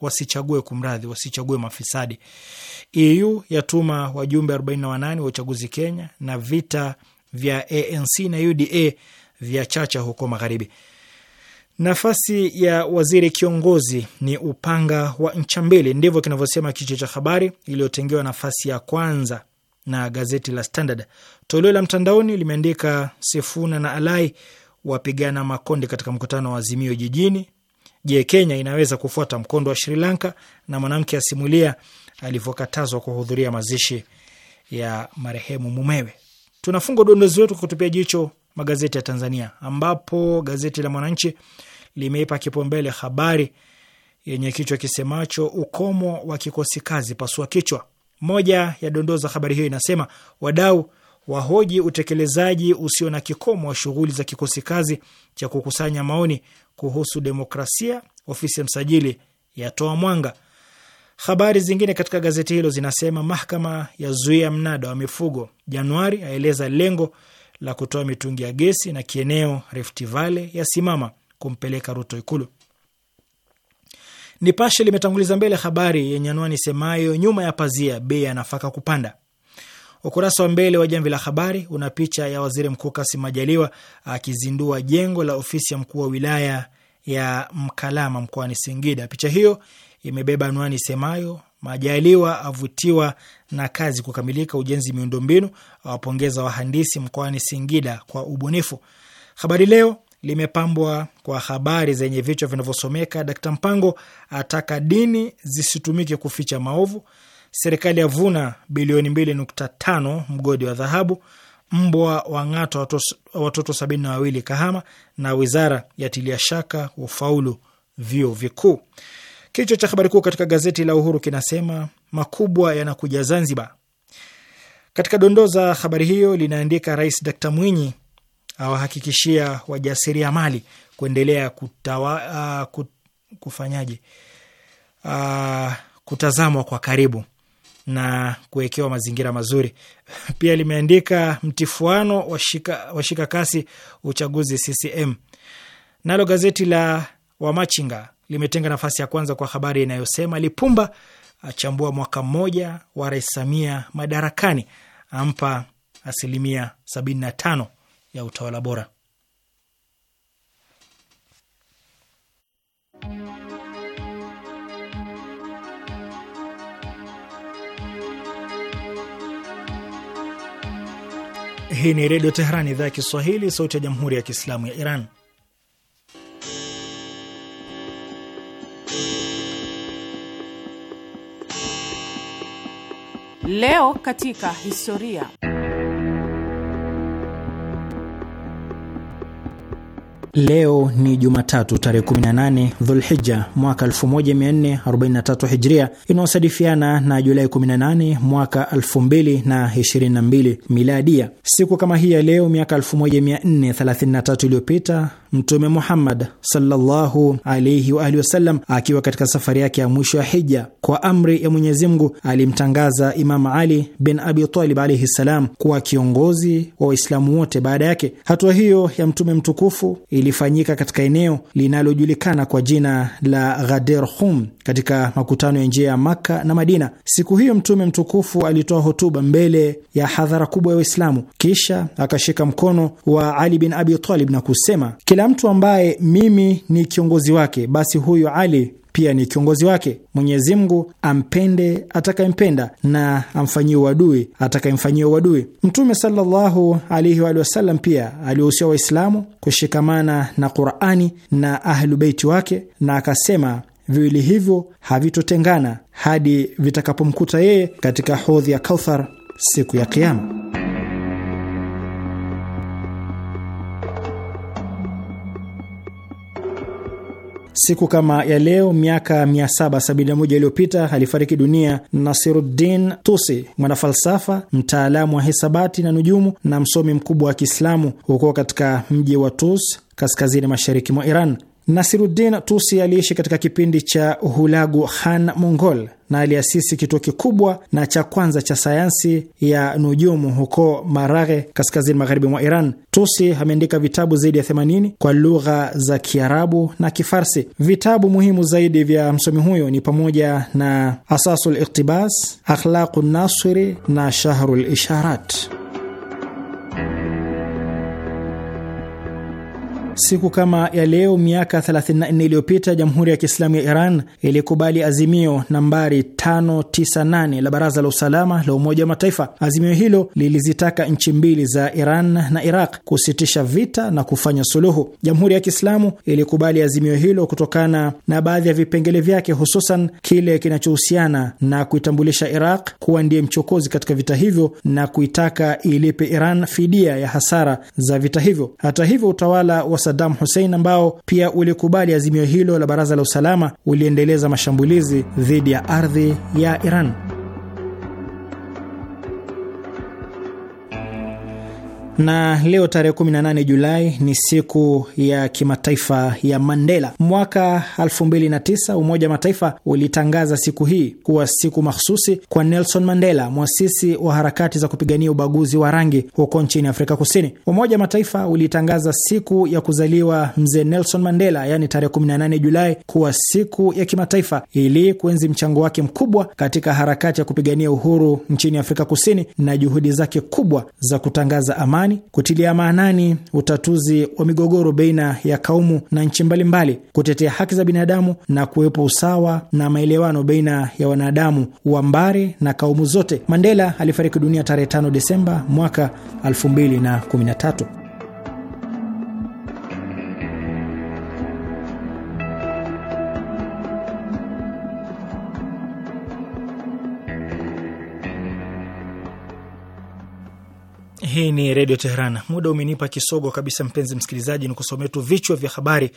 wasichague, kumradhi, wasichague mafisadi. EU yatuma wajumbe 48 wa uchaguzi Kenya, na vita vya ANC na UDA vya chacha huko magharibi. Nafasi ya waziri kiongozi ni upanga wa ncha mbili, ndivyo kinavyosema kichwa cha habari iliyotengewa nafasi ya kwanza na gazeti la Standard. Toleo la mtandaoni limeandika Sifuna na Alai wapigana makonde katika mkutano wa Azimio jijini Je, Kenya inaweza kufuata mkondo wa Sri Lanka? Na mwanamke asimulia alivyokatazwa kuhudhuria mazishi ya marehemu mumewe. Tunafunga udondozi wetu kwa kutupia jicho magazeti ya Tanzania, ambapo gazeti la Mwananchi limeipa kipaumbele habari yenye kichwa kisemacho ukomo wa kikosi kazi pasua kichwa. Moja ya dondoo za habari hiyo inasema wadau wahoji utekelezaji usio na kikomo wa shughuli za kikosi kazi cha kukusanya maoni kuhusu demokrasia, ofisi ya msajili yatoa mwanga. Habari zingine katika gazeti hilo zinasema mahakama ya zuia mnada wa mifugo Januari aeleza lengo la kutoa mitungi ya gesi, na kieneo Rift Valley yasimama kumpeleka Ruto Ikulu. Nipashe limetanguliza mbele habari yenye anwani semayo nyuma ya pazia bei ya nafaka kupanda. Ukurasa wa mbele wa Jamvi la Habari una picha ya Waziri Mkuu Kasim Majaliwa akizindua jengo la ofisi ya mkuu wa wilaya ya Mkalama mkoani Singida. Picha hiyo imebeba anwani semayo Majaliwa avutiwa na kazi kukamilika ujenzi miundombinu, awapongeza wahandisi mkoani Singida kwa ubunifu. Habari Leo limepambwa kwa habari zenye vichwa vinavyosomeka: Dkt Mpango ataka dini zisitumike kuficha maovu, serikali yavuna bilioni mbili nukta tano mgodi wa dhahabu, mbwa wang'ata watoto sabini na wawili Kahama, na wizara yatilia shaka ufaulu vyuo vikuu. Kichwa cha habari kuu katika gazeti la Uhuru kinasema makubwa yanakuja Zanzibar. Katika dondoo za habari hiyo linaandika Rais Dkt Mwinyi awahakikishia wajasiria mali kuendelea kutawa, uh, ah, kut, kufanyaje uh, kutazamwa kwa karibu na kuwekewa mazingira mazuri. Pia limeandika mtifuano washika, shika kasi uchaguzi CCM. Nalo gazeti la Wamachinga limetenga nafasi ya kwanza kwa habari inayosema Lipumba achambua mwaka mmoja wa Rais Samia madarakani, ampa asilimia sabini na tano ya utawala bora. Hii ni Redio Teheran, idhaa ya Kiswahili, sauti ya Jamhuri ya Kiislamu ya Iran. Leo katika historia Leo ni Jumatatu tarehe 18 Dhulhija mwaka 1443 Hijria, inayosadifiana na Julai 18 mwaka 2022 Miladia. Siku kama hii ya leo miaka 1433 iliyopita Mtume Muhammad sallallahu wa alihi wasallam akiwa katika safari yake ya mwisho ya hija, kwa amri ya Mwenyezi Mungu alimtangaza Imam Ali bin Abi Talib alaihi salam kuwa kiongozi wa Waislamu wote baada yake. Hatua hiyo ya mtume mtukufu ilifanyika katika eneo linalojulikana kwa jina la Ghadir Hum katika makutano ya njia ya Makka na Madina. Siku hiyo mtume mtukufu alitoa hotuba mbele ya hadhara kubwa ya Waislamu, kisha akashika mkono wa Ali bin Abi Talib na kusema kila mtu ambaye mimi ni kiongozi wake, basi huyu Ali pia ni kiongozi wake. Mwenyezi Mungu ampende atakayempenda na amfanyie uadui atakayemfanyie uadui. Mtume sallallahu alaihi wa sallam pia aliwahusia Waislamu kushikamana na Qurani na Ahlu Beiti wake, na akasema viwili hivyo havitotengana hadi vitakapomkuta yeye katika hodhi ya Kauthar siku ya Kiama. Siku kama ya leo miaka 771 iliyopita alifariki dunia Nasiruddin Tusi, mwanafalsafa, mtaalamu wa hisabati na nujumu na msomi mkubwa wa Kiislamu huko katika mji wa Tus kaskazini mashariki mwa Iran. Nasiruddin Tusi aliishi katika kipindi cha Hulagu Khan Mongol na aliasisi kituo kikubwa na cha kwanza cha sayansi ya nujumu huko Maraghe, kaskazini magharibi mwa Iran. Tusi ameandika vitabu zaidi ya 80 kwa lugha za Kiarabu na Kifarsi. Vitabu muhimu zaidi vya msomi huyo ni pamoja na Asasul Iktibas, Akhlaqu Nasiri na Shahrul Isharat. Siku kama ya leo miaka 34 iliyopita Jamhuri ya Kiislamu ya Iran ilikubali azimio nambari 598 la Baraza la Usalama la Umoja wa Mataifa. Azimio hilo lilizitaka nchi mbili za Iran na Iraq kusitisha vita na kufanya suluhu. Jamhuri ya Kiislamu ilikubali azimio hilo kutokana na baadhi ya vipengele vyake, hususan kile kinachohusiana na kuitambulisha Iraq kuwa ndiye mchokozi katika vita hivyo na kuitaka ilipe Iran fidia ya hasara za vita hivyo. Hata hivyo utawala wa Saddam Hussein ambao pia ulikubali azimio hilo la Baraza la Usalama uliendeleza mashambulizi dhidi ya ardhi ya Iran. na leo tarehe 18 Julai ni siku ya kimataifa ya Mandela. Mwaka 2009 Umoja wa Mataifa ulitangaza siku hii kuwa siku mahsusi kwa Nelson Mandela, mwasisi wa harakati za kupigania ubaguzi wa rangi huko nchini Afrika Kusini. Umoja wa Mataifa ulitangaza siku ya kuzaliwa mzee Nelson Mandela, yaani tarehe 18 Julai, kuwa siku ya kimataifa ili kuenzi mchango wake mkubwa katika harakati ya kupigania uhuru nchini Afrika Kusini na juhudi zake kubwa za kutangaza amani amani, kutilia maanani utatuzi wa migogoro baina ya kaumu na nchi mbalimbali, kutetea haki za binadamu na kuwepo usawa na maelewano baina ya wanadamu wa mbari na kaumu zote. Mandela alifariki dunia tarehe 5 Desemba mwaka 2013. Hii ni Redio Teheran. Muda umenipa kisogo kabisa, mpenzi msikilizaji, ni kusomea tu vichwa vya habari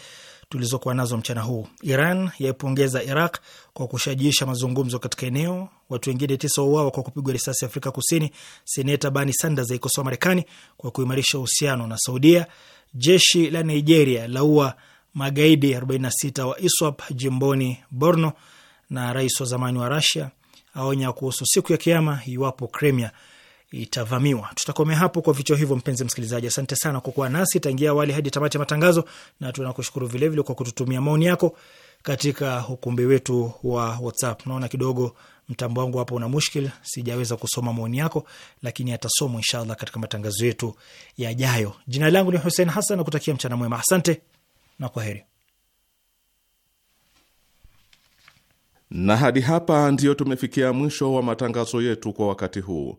tulizokuwa nazo mchana huu. Iran yaipongeza Iraq kwa kushajiisha mazungumzo katika eneo. Watu wengine tisa wauawa kwa kupigwa risasi Afrika Kusini. Seneta Bernie Sanders aikosoa Marekani kwa kuimarisha uhusiano na Saudia. Jeshi la Nigeria laua magaidi 46 wa ISWAP jimboni Borno, na rais wa zamani wa Rasia aonya kuhusu siku ya Kiama iwapo Crimea itavamiwa. Tutakomea hapo kwa vichwa hivyo, mpenzi msikilizaji. Asante sana kwa kuwa nasi tangia awali hadi tamati ya matangazo, na tunakushukuru vilevile kwa kututumia maoni yako katika ukumbi wetu wa WhatsApp. Naona kidogo mtambo wangu hapo una mushkil, sijaweza kusoma maoni yako, lakini atasomwa inshallah katika matangazo yetu yajayo. Jina langu ni Hussein Hassan na kutakia mchana mwema. Asante na kwa heri. Na hadi hapa ndiyo tumefikia mwisho wa matangazo yetu kwa wakati huu.